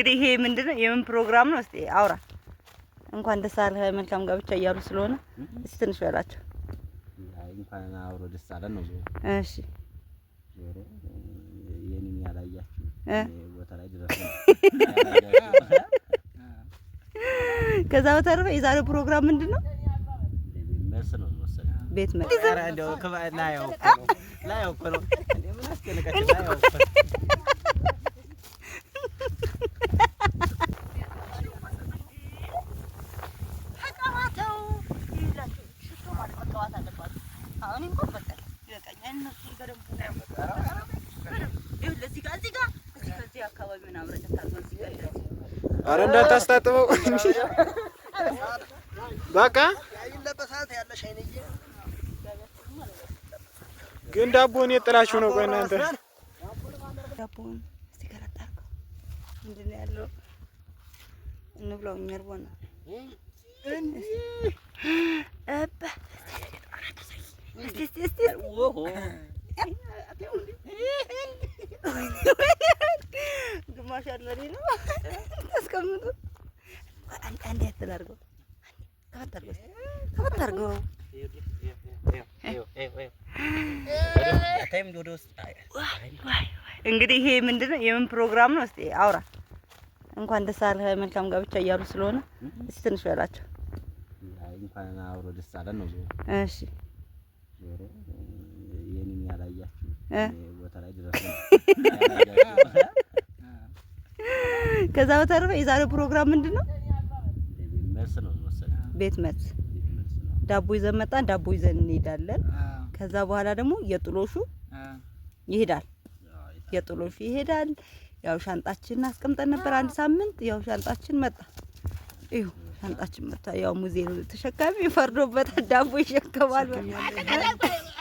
እንግዲህ ይሄ ምንድነው? የምን ፕሮግራም ነው? እስቲ አውራ። እንኳን ደስ አለህ መልካም ጋብቻ እያሉ ስለሆነ እስቲ ትንሽ በላቸው። እንኳን አብሮ ደስ አለን ነው። እሺ የኔን ያላያችሁ ቦታ ላይ ድረስ ከዛ በተረፈ የዛሬው ፕሮግራም ምንድን ነው? መልስ ነው መሰለኝ። ቤት መልስ ኧረ እንዳታስታጥበው በቃ ግን ዳቦን የት ጥላችሁ ነው? ቆይ እናንተ ዳቦን እስቲ ምንድን ነው ያለው? እንብላው እርቦን ነው። ግማሽ አልመሪ ነው ታስቀምጡ። አንዴ አትላርገው፣ ከፈት አድርገው፣ ከፈት አድርገው። እንግዲህ ይሄ ምንድን ነው? የምን ፕሮግራም ነው? እስኪ አውራ። እንኳን ደስ አለህ መልካም ጋብቻ እያሉ ስለሆነ እስኪ ትንሽ በላቸው። እንኳን አብሮ ደስ አለን ነው። እሺ ከዛ በተረፈ የዛሬው ፕሮግራም ምንድን ነው? ቤት መት ዳቦ ይዘን መጣን። ዳቦ ይዘን እንሄዳለን። ከዛ በኋላ ደግሞ የጥሎሹ ይሄዳል። የጥሎሹ ይሄዳል። ያው ሻንጣችንን አስቀምጠን ነበር አንድ ሳምንት። ያው ሻንጣችን መጣ። ይሁ ሻንጣችን መጣ። ያው ሙዚየም ተሸካሚ ፈርዶበታል። ዳቦ ይሸከማል።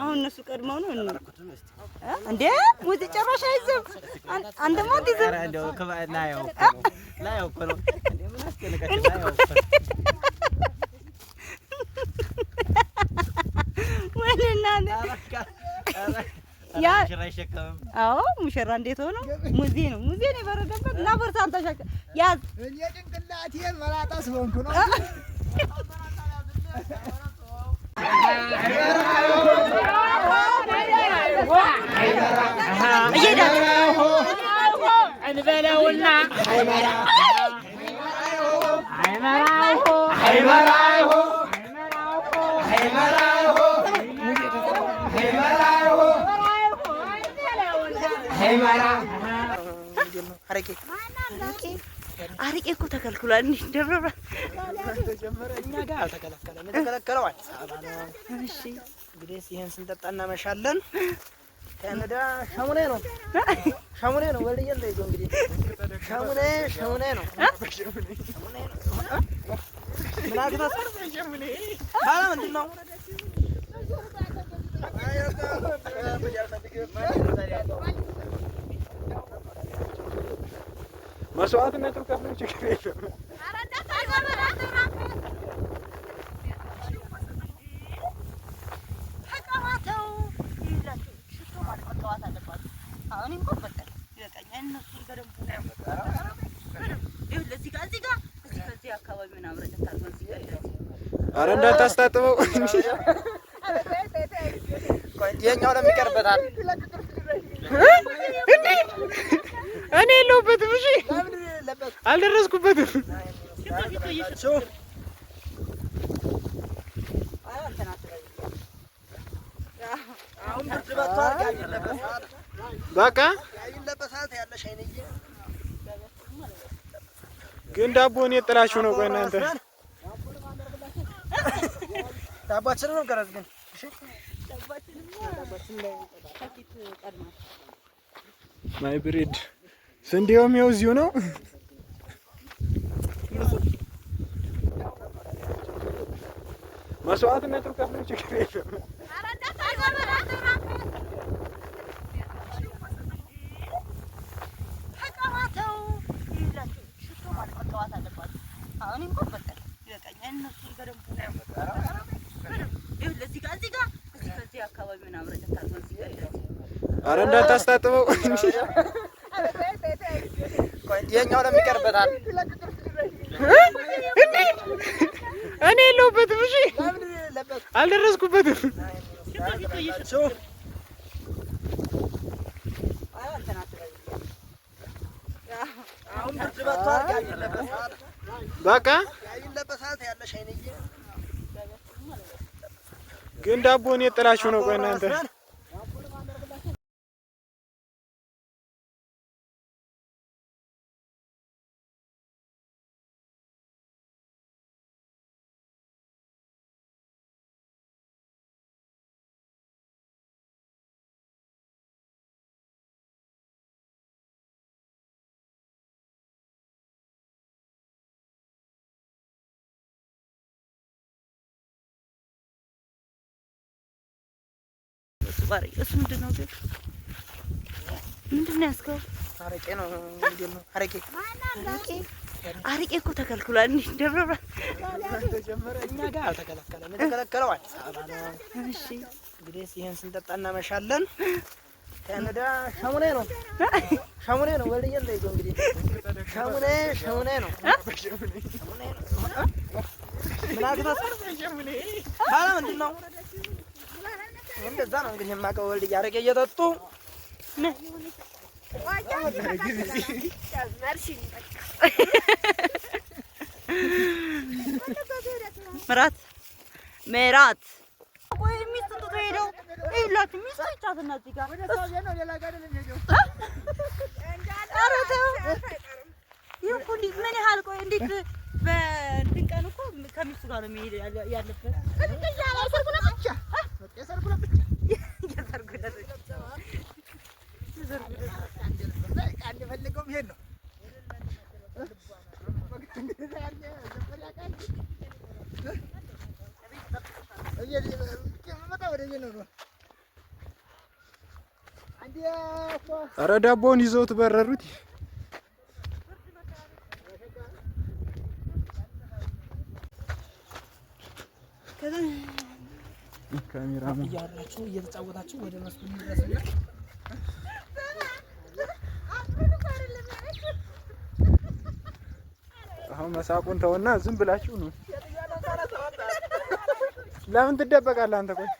አሁን እነሱ ቀድመው ነው እንዴ? ሙዚ ጨራሽ አይዘም። አንተማ አትይዘም። አዎ ሙሽራ እንዴት ሆኖ ሙዜ ነው ሙዜ ነው የበረደበት እና ቦርሳ አልተሸከም ያዝ Hey, Mara. Huh? Harike. አርቄ እኮ ተከልክሏል። እንዴ ደብረ ብርሃን እኛ ጋር አልተከለከለም። የተከለከለው አዲስ አበባ ነው። እሺ እንግዲህ ይሄን ስንጠጣ እናመሻለን። ከነዳ ሸሙኔ ነው ሸሙኔ ነው ወልዬ ዘይዞ እንግዲህ ሸሙኔ ሸሙኔ ነው ምናግታት ባላ ምንድን ነው Thank መስዋዕትነት ከፍሎ ችግር የለም። አረ እንዳታስታጥበው የኛው ለሚቀርበታል እኔ የለሁበትም። እሺ አልደረስኩበትም። በቃ ግን ዳቦ እኔ ጥላችሁ ነው። ቆይ እናንተ ዳቦአችን ነው ገረዝ ግን ማይ ብሬድ ስንዴውም ይኸው እዚሁ ነው። መስዋዕትነቱ ከፍሎ ችግር የለም። አረ እንዳታስታጥበው የኛው ለሚቀርበታል እንዴ እኔ የለሁበትም። እሺ አልደረስኩበትም። በቃ ግን ዳቦ እኔ ጥላችሁ ነው። ቆይ እናንተ ቋሪ እሱ ምንድን ነው ግን ምንድን ነው ያዝከው? አረቄ ነው ምንድን አረቄ? አረቄ እኮ ተከልክሏል። እንዴ ደብረ ብርሃን ተጀመረ። እኛ ጋር አልተከለከለም። የተከለከለው አዲስ አበባ ነው። እሺ እንግዲህ ይሄን ስንጠጣ እናመሻለን። ከነዳ ሸሙኔ ነው ሸሙኔ ነው ወልዬ እንደይዞ እንግዲህ ሸሙኔ ሸሙኔ ነው ሸሙኔ ነው ምናልባት ምንድን ነው እንደዛ ነው እንግዲህ የማውቀው ወልድዬ አረቄ እየጠጡ ምራት ምራት ምን ያህል ቆይ እንዴት በድንቀን እኮ ከሚስቱ ጋር ነው የሚሄድ ያለበት ኧረ ዳቦውን ይዘውት በረሩት። ካሜራ እያላችሁ እየተጫወታችሁ ወደ መስኩ እንድረስ አሁን መሳቁን ተውና ዝም ብላችሁ ነው። ለምን ትደበቃለህ አንተ? ቆይ